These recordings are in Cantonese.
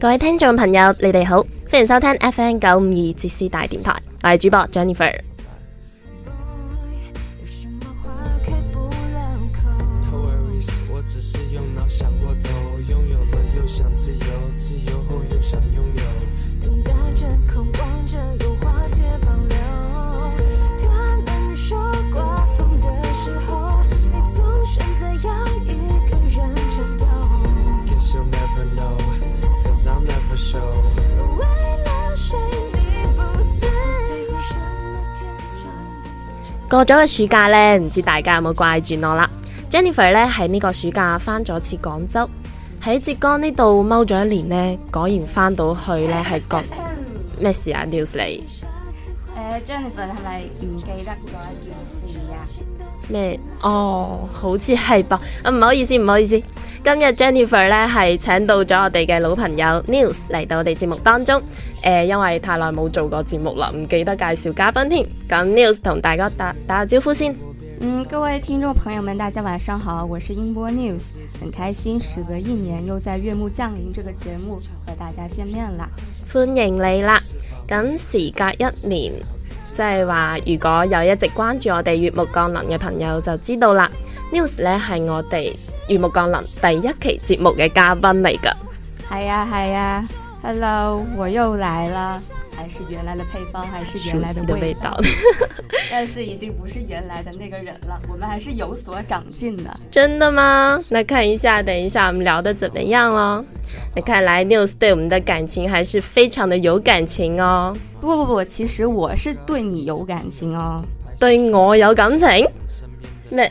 各位聽眾朋友，你哋好，歡迎收聽 FM 九五二爵士大電台，我係主播 Jennifer。過咗個暑假咧，唔知大家有冇掛住我啦？Jennifer 咧喺呢個暑假翻咗次廣州，喺浙江呢度踎咗一年咧，果然翻到去咧，係個咩事啊？News 嚟？誒，Jennifer 係咪唔記得咗一件事啊？咩？哦、uh，啊，oh，好似係噃。啊，唔好意思，唔好意思。今日 Jennifer 咧係請到咗我哋嘅老朋友 News 嚟到我哋節目當中，誒、呃，因為太耐冇做過節目啦，唔記得介紹嘉賓添。咁 News 同大家打打個招呼先。嗯，各位聽眾朋友們，大家晚上好，我是英波 News，很開心時隔一年又在月幕降臨這個節目和大家見面啦，歡迎你啦。咁時隔一年，即係話如果有一直關注我哋月幕降臨嘅朋友就知道啦。News 咧係我哋《雨幕降臨》第一期節目嘅嘉賓嚟㗎，係啊係啊，Hello，我又來啦，還是原來的配方，還是原來的味道，但是已經不是原來的那個人了，我們還是有所長進的，真的嗎？那看一下，等一下我們聊得怎麼樣咯、哦？那 看來 News 對我們的感情還是非常的有感情哦， 不不不，其實我是對你有感情哦，對我有感情咩？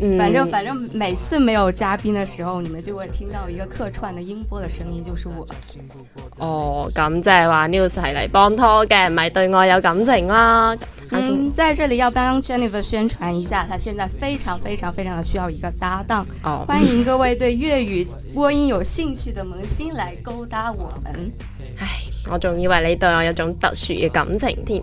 嗯，反正反正每次沒有嘉賓的時候，你們就會聽到一個客串的音波的聲音，就是我。哦，咁即係話，News 係嚟幫拖嘅，唔係對我有感情啦。嗯，在這裡要幫 Jennifer 宣傳一下，她現在非常非常非常的需要一個搭檔哦。歡迎各位對粵語播音有興趣的萌新來勾搭我們。 唉，我仲以為你對我有種特殊嘅感情添。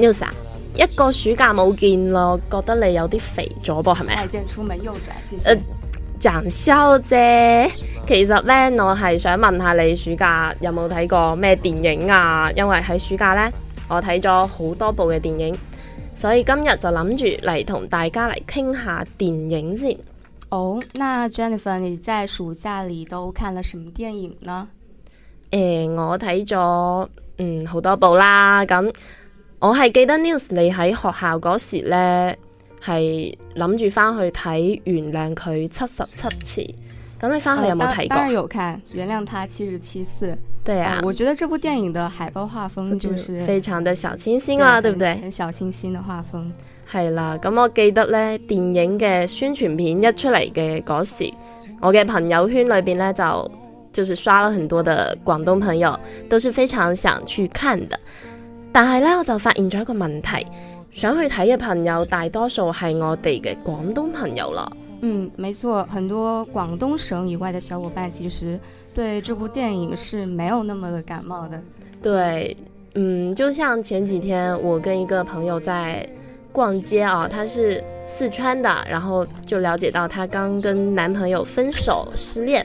Nova，、啊、一個暑假冇見咯，覺得你有啲肥咗噃，係咪？再見，出門右轉，謝謝。誒、呃，賺收啫。其實呢，我係想問下你暑假有冇睇過咩電影啊？因為喺暑假呢，我睇咗好多部嘅電影，所以今日就諗住嚟同大家嚟傾下電影先。哦、oh,，那 Jennifer，你在暑假裏都看了什麼電影呢？誒、呃，我睇咗嗯好多部啦，咁。我係記得 news 你喺學校嗰時候呢，係諗住翻去睇《原諒佢七十七次》。咁你翻去有冇睇過、啊？當然有看《原諒他七十七次》，對啊。對啊，我覺得這部電影的海報畫風就是非常的小清新啦、啊，對不對，對？小清新的畫風係啦。咁我記得呢，電影嘅宣傳片一出嚟嘅嗰時，我嘅朋友圈裏邊呢，就就是刷了很多的廣東朋友，都是非常想去看的。但係咧，我就發現咗一個問題，想去睇嘅朋友大多數係我哋嘅廣東朋友啦。嗯，沒錯，很多廣東省以外嘅小伙伴其實對這部電影是沒有那麼的感冒的。對，嗯，就像前幾天我跟一個朋友在逛街啊，他是四川的，然後就了解到她剛跟男朋友分手失戀。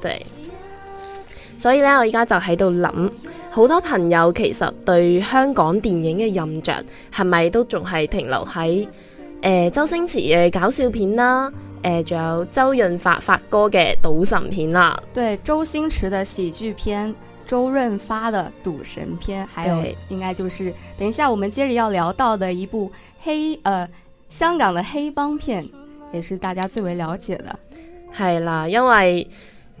對，所以呢，我依家就喺度諗，好多朋友其實對香港電影嘅印象係咪都仲係停留喺誒、呃、周星馳嘅搞笑片啦，誒、呃、仲有周潤發發哥嘅賭神片啦。對，周星馳嘅喜劇片，周潤發的賭神片，還有應該就是等一下我們接着要聊到的一部黑誒、呃、香港的黑幫片，也是大家最為了解的。係啦，因為。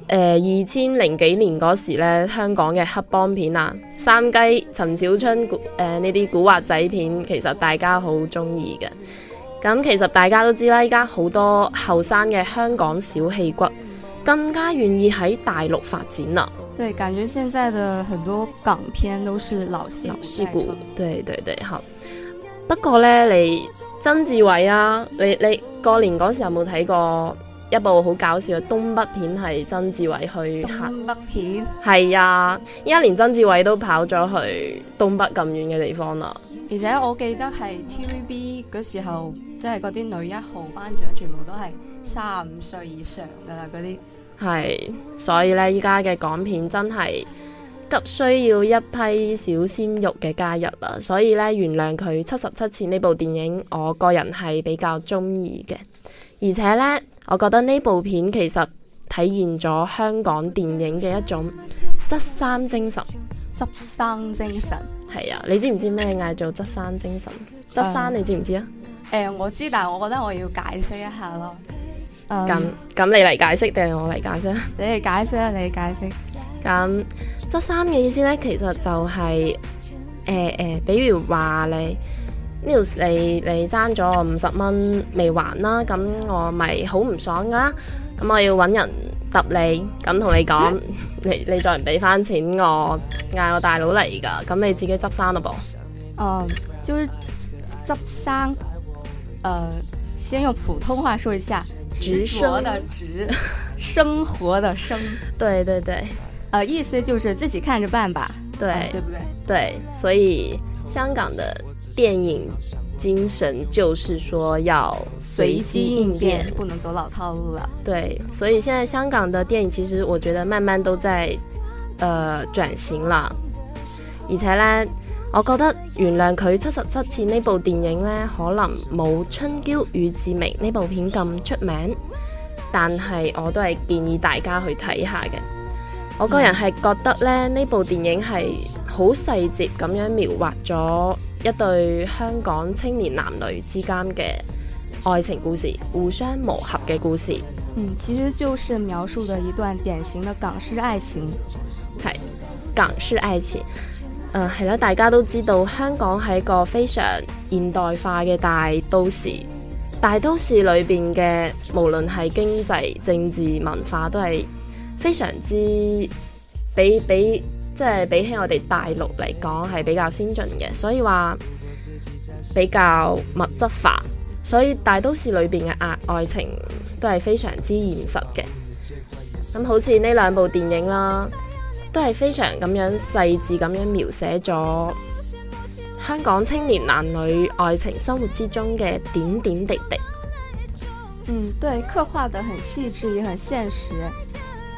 誒、呃，二千零幾年嗰時咧，香港嘅黑幫片啊，三雞、陳小春誒呢啲古惑仔片，其實大家好中意嘅。咁其實大家都知啦，依家好多後生嘅香港小戲骨，更加願意喺大陸發展啦、啊。對，感覺現在的很多港片都是老戲老戲骨。對對對，好。不過呢，你曾志偉啊，你你過年嗰時有冇睇過？一部好搞笑嘅東北片係曾志偉去客。東北片係啊，依家連曾志偉都跑咗去東北咁遠嘅地方啦。而且我記得係 TVB 嗰時候，即係嗰啲女一號班長，全部都係三十五歲以上噶啦。嗰啲係，所以呢，依家嘅港片真係急需要一批小鮮肉嘅加入啦。所以呢，原諒佢七十七次呢部電影，我個人係比較中意嘅，而且呢。我覺得呢部片其實體現咗香港電影嘅一種執生精神。執生精神係啊，你知唔知咩嗌做執生精神？執生、嗯、你知唔知啊？誒、嗯，我知，但係我覺得我要解釋一下咯。咁、嗯、咁你嚟解釋定我嚟解釋？你嚟解釋啊，你解釋。咁執生嘅意思咧，其實就係誒誒，比如話你。news 你你爭咗我五十蚊未還啦，咁我咪好唔爽噶，咁我要揾人揼你，咁同你講、嗯， 你你再唔畀翻錢我，嗌我大佬嚟噶，咁你自己執生咯噃。嗯、呃，叫執生，呃，先用普通話說一下，執生的執， 生活的生，對對對，啊、呃、意思就是自己看着辦吧，對，啊、對，對，對，所以香港的，電影精神就是說要隨機應變，隨機應變，不能走老套路啦。對，所以現在香港的電影其實我覺得慢慢都在，誒、呃、轉型啦。而且呢，我覺得原諒佢七十七次呢部電影呢，可能冇《春嬌與志明》呢部片咁出名，但係我都係建議大家去睇下嘅。我個人係覺得咧，呢、嗯、部電影係好細節咁樣描畫咗，一對香港青年男女之間嘅愛情故事，互相磨合嘅故事，嗯，其實就是描述嘅一段典型的港式愛情，係港式愛情，誒係啦，大家都知道香港係一個非常現代化嘅大都市，大都市裏邊嘅無論係經濟、政治、文化都係非常之比比。比即係比起我哋大陸嚟講係比較先進嘅，所以話比較物質化，所以大都市裏邊嘅愛情都係非常之現實嘅。咁好似呢兩部電影啦，都係非常咁樣細緻咁樣描寫咗香港青年男女愛情生活之中嘅點點滴滴。嗯，對，刻畫得很細緻，也很現實。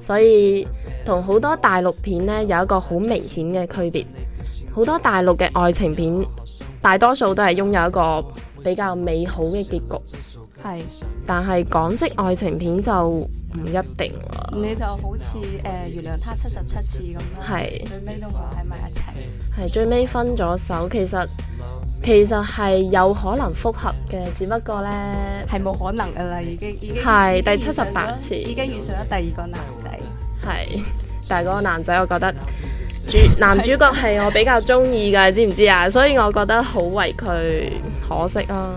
所以同好多大陸片呢，有一個好明顯嘅區別，好多大陸嘅愛情片大多數都係擁有一個比較美好嘅結局，係，但係港式愛情片就唔一定啦。你就好似誒、呃，原諒他七十七次咁，係，最尾都冇喺埋一齊，係最尾分咗手，其實。其實係有可能復合嘅，只不過呢，係冇可能噶啦，已經已經係第七十八次，已經遇上咗第二個男仔。係，但係嗰個男仔，我覺得主男主角係我比較中意嘅，你知唔知啊？所以我覺得好為佢可惜啊！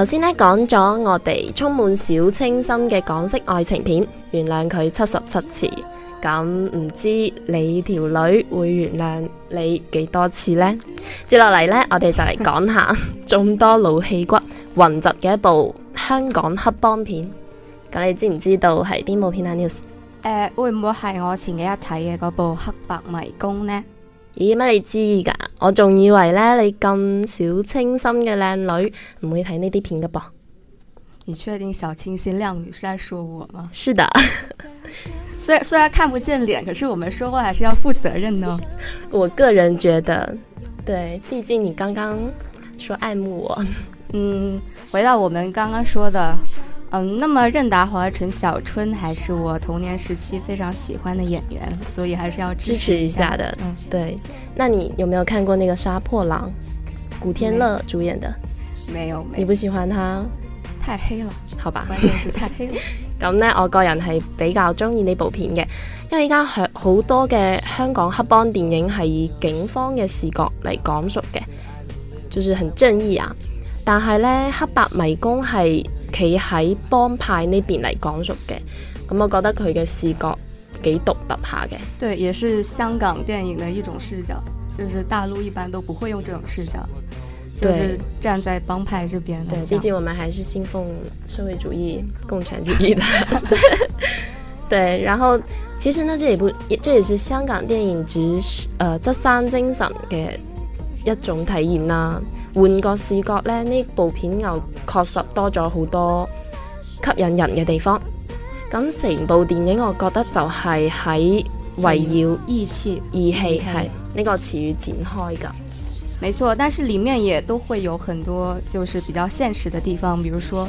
首先咧講咗我哋充滿小清新嘅港式愛情片，原諒佢七十七次，咁唔知你條女會原諒你幾多次呢？接落嚟呢，我哋就嚟講下眾 多老戲骨雲集嘅一部香港黑幫片，咁你知唔知道係邊部片啊？News？誒、呃，會唔會係我前幾日睇嘅嗰部黑白迷宮呢？咦？乜你知㗎？我仲以為咧你咁小清新嘅靚女唔會睇呢啲片㗎噃。你確定小清新靚女是在說我嗎？是的，雖然雖然看不見臉，可是我們說話還是要負責任呢。我個人覺得，對，畢竟你剛剛說愛慕我。 嗯，回到我們剛剛說的。嗯，那麼任達華、陳小春還是我童年時期非常喜歡的演員，所以還是要支持一下，支持一下的。嗯，對。那你有沒有看過那個沙《殺破狼》，古天樂主演的？沒有，沒。你不喜歡他？太黑了，好吧。關鍵是太黑了。咁咧 我個人係比較中意呢部片嘅，因為而家很好多嘅香港黑幫電影係以警方嘅視角嚟講述嘅，就是很正義啊。但係咧，黑白迷宮係企喺幫派呢邊嚟講述嘅，咁我覺得佢嘅視角幾獨特下嘅。對，也是香港電影的一種視角，就是大陸一般都不會用這種視角，就是站在幫派這邊。對，畢竟我們還是信奉社會主義、共產主義的。 對，然後其實呢，這也不，這也是香港電影執，誒、呃，執生精神嘅。一種體驗啦、啊，換個視角呢，呢部片又確實多咗好多吸引人嘅地方。咁成部電影，我覺得就係喺圍繞義氣、嗯、義氣係呢個詞語展開噶。沒錯，但是裏面也都會有很多就是比較現實的地方，比如說。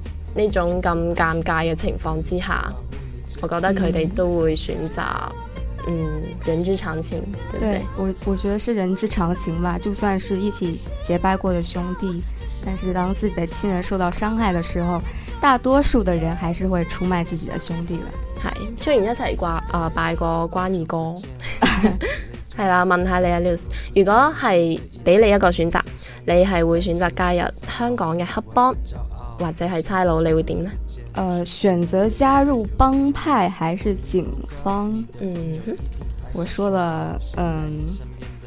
呢種咁尷尬嘅情況之下，我覺得佢哋都會選擇嗯人之常情。對，對，對我，我覺得是人之常情吧。就算是一起結拜過的兄弟，但是當自己的親人受到傷害的時候，大多數的人還是會出賣自己的兄弟的。係雖然一齊掛啊、呃、拜過關二哥，係 啦，問下你啊 Luis，如果係俾你一個選擇，你係會選擇加入香港嘅黑幫？或者係差佬，你會點呢？誒、呃，選擇加入幫派還是警方？嗯哼，我說了，嗯、呃，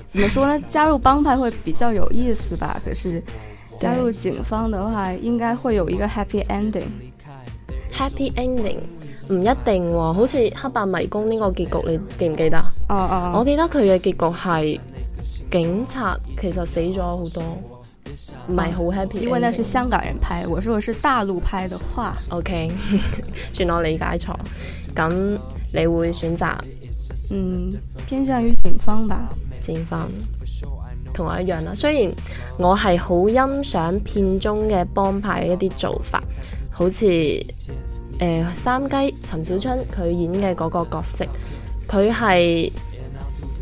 怎 麼說呢？加入幫派會比較有意思吧。可是加入警方的話，應該會有一個 happy ending。Happy ending 唔一定喎。哦，好似黑白迷宮呢個結局，你記唔記得？Uh, uh, 我記得佢嘅結局係警察其實死咗好多。唔係好 happy，因為那是香港人拍。我說我是大陸拍的話，OK， 算我理解錯。咁你會選擇，嗯，偏向於警方吧？警方同我一樣啦，啊。雖然我係好欣賞片中嘅幫派嘅一啲做法，好似誒、呃、三雞陳小春佢演嘅嗰個角色，佢係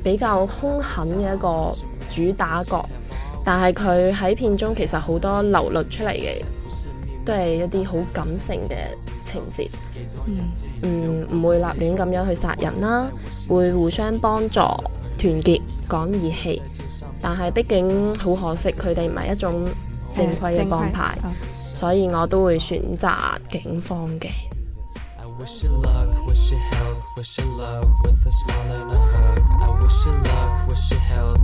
比較兇狠嘅一個主打角。但係佢喺片中其實好多流露出嚟嘅，都係一啲好感性嘅情節，嗯，唔、嗯、會立亂咁樣去殺人啦、啊，會互相幫助、團結、講義氣。但係畢竟好可惜，佢哋唔係一種正規嘅幫派，所以我都會選擇警方嘅。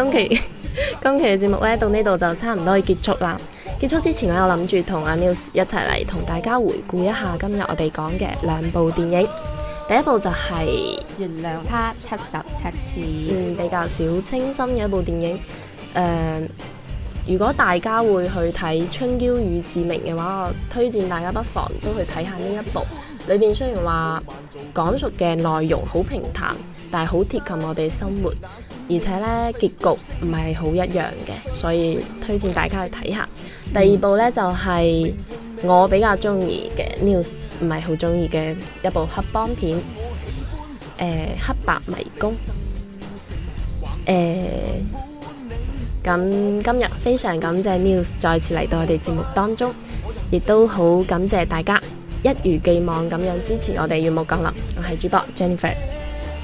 今期今期嘅節目咧，到呢度就差唔多要結束啦。結束之前咧，我諗住同阿 Nils 一齊嚟同大家回顧一下今日我哋講嘅兩部電影。第一部就係、是《原諒他七十七次》，嗯，比較小清新嘅一部電影。誒、呃，如果大家會去睇《春嬌與志明》嘅話，我推薦大家不妨都去睇下呢一部。裏邊雖然話講述嘅內容好平淡。但係好貼近我哋生活，而且呢，結局唔係好一樣嘅，所以推薦大家去睇下。第二部呢，就係、是、我比較中意嘅 news，唔係好中意嘅一部黑幫片、呃，黑白迷宮。咁、呃、今日非常感謝 news 再次嚟到我哋節目當中，亦都好感謝大家一如既往咁樣支持我哋粵木格林。我係主播 Jennifer。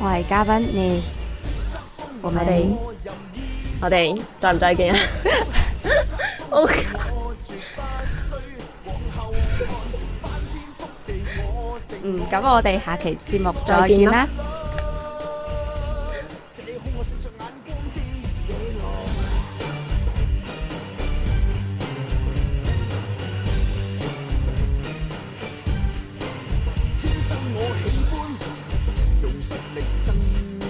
我係嘉賓，你我咪你，我哋，我哋再唔再見啊！OK，嗯，咁我哋下期節目再見啦。